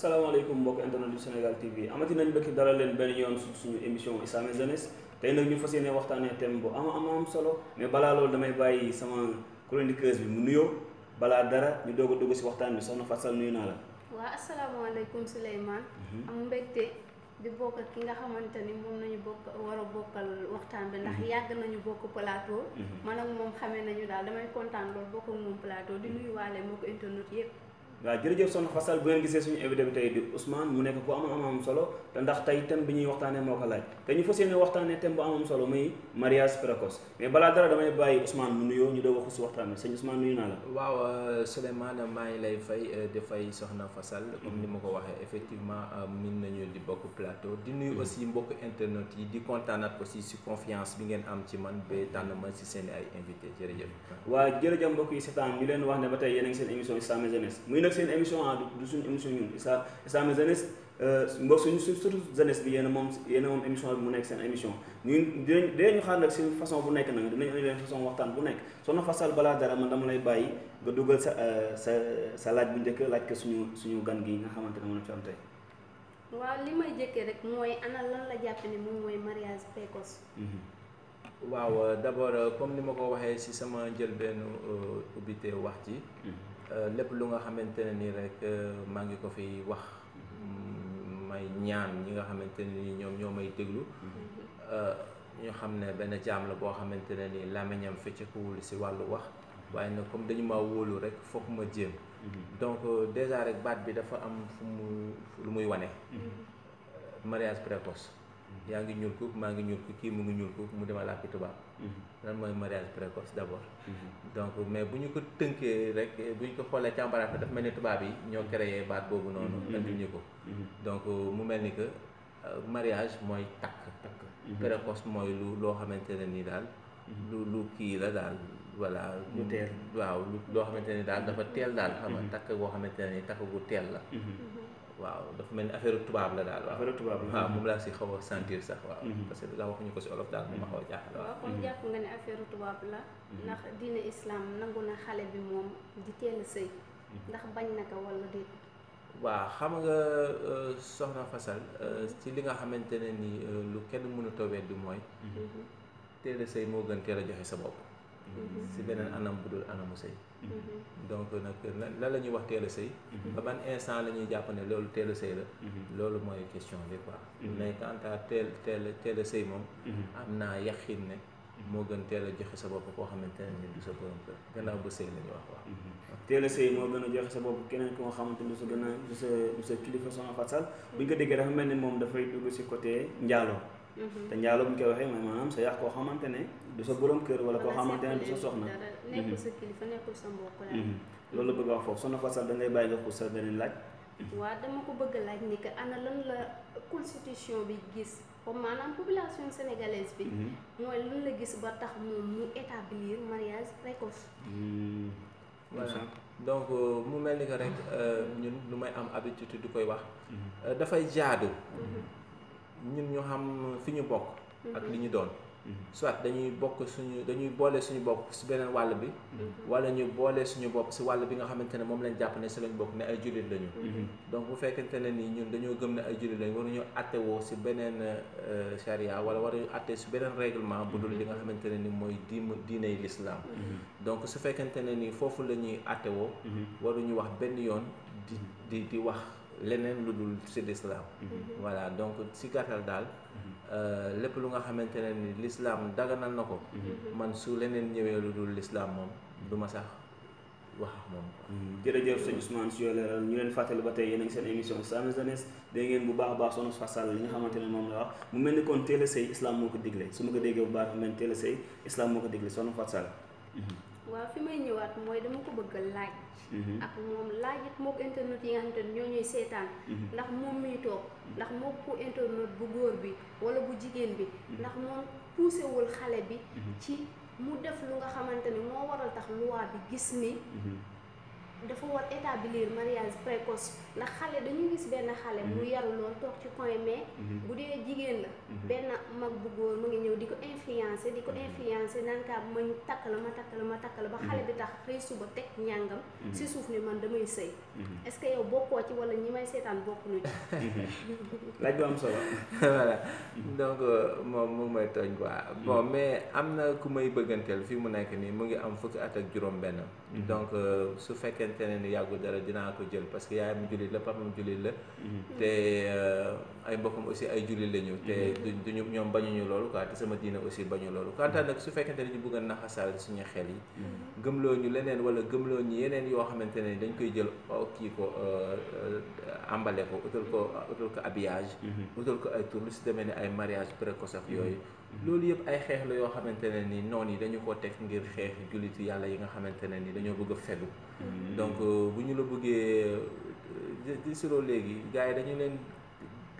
salaamaaleykum mbokk internet yu Sénégal TV amati nañ bëgg dara leen benn yoon suñu émission Islam et Jeunesse tey nag ñu fas yéene waxtaanee thème bu ama ama am solo mais balaa loolu damay bàyyi sama chroniqueuse bi mu nuyoo balaa dara ñu doog a dugg si waxtaan bi soxna Fatou Sall nuyu naa la. waaw asalaamaaleykum Souleymane. Mhm. am mbégte di bokk ki nga xamante ni moom nañu bokk war a bokkal waxtaan bi ndax mhm. yàgg nañu bokk palaatoo mhm. man ak moom xamee nañu daal damay kontaan loolu bokk ak moom plateau di nuyuwaale mbokk internet yëpp. waaw jërëjëf son xasal bu ngeen gisee suñu invité bi tey di Ousmane mu nekk ku am am am solo te ndax tey thème bi ñuy waxtaanee moo ko laaj te ñu fas yéene waxtaanee thème bu am am solo muy mariage précoce mais balaa dara damay bàyyi Ousmane mu nuyoo ñu doog wax si waxtaan bi sëñ Ousmane nuyu naa la. waaw euh, Souleymane maa ngi lay fay euh, di fay soxna Fassal comme ni ma ko waxee effectivement euh, min nañu di bokk plateau di nuy mm-hmm. aussi mbokk internet yi di kontaanaat aussi si confiance bi ngeen am ci man ba tànn ma si seen ay invité jërëjëf. waaw jërëjëf mbokk yi seetaan ñu leen wax ne nag seen émission ah du suñu émission ñun Islam Islam et jeunesse mbokk suñu surtout jeunesse bi yéen moom yéen moom émission bi mu nekk seen émission ñun dinañ dinañu xaar nag si façon bu nekk nag dinañ indi leen façon waxtaan bu nekk soxna Fassal balaa dara man dama lay bàyyi nga dugal sa euh, sa sa laaj bu njëkk laaj ko suñu suñu gan gi nga xamante ne moom la fi am tey. waaw li may jëkkee rek mooy ana lan la jàpp ne mooy mariage précoce. Mhm. waaw euh, d'abord euh, comme ni ma ko waxee ci sama njëlbeenu euh, ubbite wax ji mhm. lépp lu nga xamante ne nii rek maa ngi ko fi wax mhm. may ñaan ñi nga xamante ne nii ñoom ñoo may déglu mhm. ñu xam ne benn jaam la boo xamante ne nii làmmiñam fecceekuwul ci wàllu wax waaye nag comme dañu ma wóolu rek foog ma jéem donc déjà rek baat bi dafa am fu mu lu muy wane mariage précoce yaa ngi ñuul kuk maa ngi ñuul kuk kii mu ngi ñuul kuk mu dema làkki tubaab mhm. lan mooy mariage précoce d'abord mhm. donc mais bu ñu ko tënkee rek bu ñu ko xoolee càmbaraat dafa mel ni tubaab yi ñoo créé baat boobu noonu mhm. andi ñu ko donc mu mel ni que euh, mariage mooy takk takk précoce mooy lu loo xamante ne nii daal lu lu kii la daal voilà lu teel waaw loo xamante ne daal dafa teel daal xam takk boo xamante ne nii takk gu teel la waaw dafa mel ni affaire tubaab la daal. affaire tubaab la moom laa si xaw a sentir sax waaw. Mhm. parce que waxuñu ko si olof daal moom ma xaw a jaaxal. waaw kon mhm. jàpp nga ne affaire tubaab la. Mhm. ndax diine islam nangu na xale bi moom di teel sëy. ndax bañ na ko wala déet. waaw xam nga euh, soxna Fasal ci euh, li nga xamante ne nii euh, lu kenn mënut a weddi mooy. teel a sëy moo gën teel a joxe sa bopp. Mm-hmm. si beneen anam bu dul anamu sëy mm-hmm. donc nag lan la ñuy wax teel a sëy mm-hmm. ba ban instant la ñuy jàpp ne loolu teel a sëy la loolu mooy question bi quoi mais quant à teel teel teel a sëy moom am naa yaqin ne moo gën teel a joxe sa bopp koo xamante ne du sa borom kër gannaaw ba sëy la ñuy wax teel a sëy moo gën a joxe sa bopp keneen ko nga xamante ne sa gën a du kilifa son fatsal bu ñu ko déggee dafa mel ni moom dafay dugg si côté njaaloo Mhm. te njaalo bu ñu koy waxee maanaam sa yàq koo xamante ne du sa borom kër wala koo xamante ne du sa soxna nekkul mhm. sa kilifa nekkul sa mbokk la mhm. loolu bëgg wax foofu soxna Fatou da ngay bàyyi nga xuus sa beneen laaj waaw dama ko bëgg laaj ni que ana lan la constitution bi gis comme maanaam bi mooy lan la gis ba tax moom mu établir mariage précoce donc euh, mu mel ni ko rek euh, ñun lu may am habitude du koy wax euh, dafay jaadu ñun ñu xam fi ñu bokk ak mhm. li ñu doon mhm. soit dañuy bokk suñu dañuy boole suñu bopp si beneen wàll bi mhm. wala ñu boolee suñu bopp si wàll bi nga xamante ne moom lañ jàpp ne si lañ bokk ne ay jullit lañu donc bu fekkente ne nii ñun dañoo gëm ne ay jullit lañu waruñu attewoo si beneen charia euh, wala waruñu atte si beneen règlement bu dul li nga xamante ne ni mooy diim diiney l'islam donc su fekkente ne nii foofu la ñuy attewoo waruñu wax benn yoon di di di wax leneen lu dul ci lislaam mhm. voilà donc si gàttal daal mhm. euh, lépp lu nga xamante ne ni lislaam daganal na ko mhm. man su leneen ñëwee lu dul lislaam moom du ma sax wax moom jërëjëf sëñ Ousmane si yoo leeral ñu leen fàttali ba tey yéen a ngi seen émission Salam Jeunesse da ngeen bu baax a baax soxna Fatou li nga xamante ne moom la wax mu mel ni kon teel a sëy islam moo ko digle su ma ko déggee bu baax mu mel ni teel a sëy islam moo ko digle soxna Fatou waaw fi may ñëwaat mooy dama ko bëgg a laaj. Mhm. ak moom laajit moog internet yi nga ñoo ñuy seetaan. Mhm. ndax moom miy toog mhm. ndax moog ku internet bu góor bi wala bu jigéen bi. ndax moom poussé wul xale bi. ci mu def lu nga xamante ni moo waral tax loi bi gis ni. dafa war établir mariage précoce ndax xale dañuy gis benn xale mu yaru lool toog ci coin mais bu dee jigéen la benn mag bu góor mu ngi ñëw di ko ko influencé naan kaa mañ takk la ma takk la ma takk la ba xale bi tax xëy suba teg ñàngam mhm. si suuf ni man damay sëy mhm. est-ce bokkoo ci wala ñi may seetaan bokkuñu ci laaj donc euh, moom mu ngi may tooñ quoi mhm. mais am na ku may bëgganteel fii mu nekk nii mu ngi am fukki at ak juróom benn donc euh, su fekkente ne ni yàggu dara dinaa ko jël parce que yaayam jullit la papam jullit la te euh, ay mbokkam aussi ay julli lañu te mhm. duñu ñoom bañuñu loolu quoi te sama diina aussi bañu loolu quant mhm. nag su fekkente ne ñu bëgg suñu xel yi mhm. gëmloo ñu leneen wala gëmloo ñu yeneen yoo xamante ne dañ koy jël oh, kii ko ambale euh, euh, ko ko utal ko habillage utal ko ay tur lu si demee ne ay mariage précoce yooyu loolu yëpp ay xeex la yoo xamante ne ni noonu yi dañu ko teg ngir xeex jullitu yàlla yi nga xamante ne ni dañoo bëgg a donc euh, bu ñu la bëggee di si loolu léegi gars yi dañu leen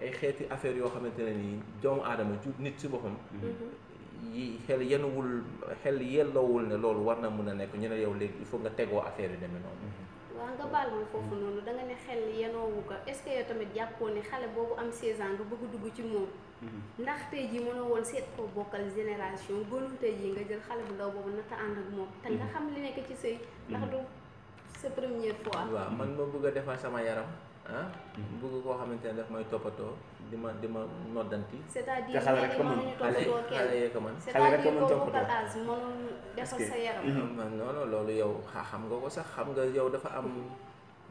ay xeeti affaire yoo xamante ne nii doomu aadama ju nit si boppam. yi xel yenuwul xel yelloowul ne loolu war na mun a nekk ñu ne yow léegi il faut nga tegoo affaire yu demee noonu. waaw nga baal ma foofu noonu da nga ne xel yenoowu ko est-ce que yow tamit jàppoo ne xale boobu am 16 ans nga bëgg dugg ci moom. ndax tey jii mënoo woon seet koo bokkal génération gënul tey jii nga jël xale bu ndaw boobu naka ànd ak moom. te nga xam li nekk ci sëy. ndax du sa première fois. waaw man ma bëgg a defar sama yaram. ah. bëgg koo xamante ne daf may toppatoo di ma di ma noddanti. c'est-à-dire xale rek ko xale yee ko man mën. xale rek ko mën toppatoo mënul defal sa yaram. Ah, non non loolu yow xam nga ko sax xam nga yow dafa am.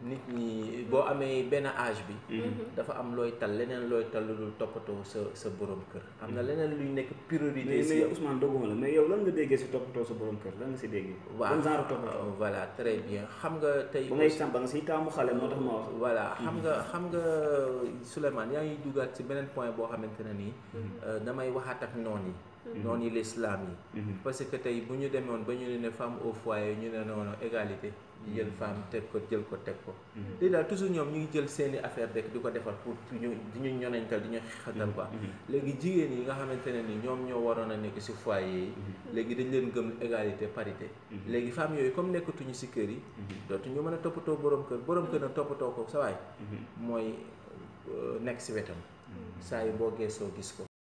nit ñi boo amee benn age bi mhm. dafa am looy tal leneen looy tal lu dul toppatoo sa sa borom kër am na mhm. leneen luy nekk priorité si Ousmane dogguma la mais yow lan nga déggee si toppatoo sa borom kër lan nga si déggee waaw genre toppatoo euh, voilà très bien xam nga tey ba ngay sàmba nga si taamu xale moo tax ma wax voilà mhm. xam nga xam nga Souleymane yaa ngi dugaat si beneen point boo xamante ne nii euh, damay waxaat ak noon yi Mm-hmm. noonu l'islam yi mm-hmm. parce que tey bu ñu demoon ba ñu ne ne femme au foyer ñu ne noonu égalité ñu jël mm-hmm. femme teg ko jël ko teg ko di daal toujours ñoom ñu ngi jël seeni affaire rek di ko defar pour ñu di ñu ñoneñtal di ñu xeexatal quoi léegi jigéen yi nga xamante ne ni ñoom ñoo waroon a nekk si foyer yi léegi dañ leen gëm égalité parité léegi femme yooyu comme nekkatuñu si kër yi dootu ñu mën a toppatoo borom kër borom kër a toppatoo ko sa waay mooy euh, nekk si wetam saa yu boo geesoo gis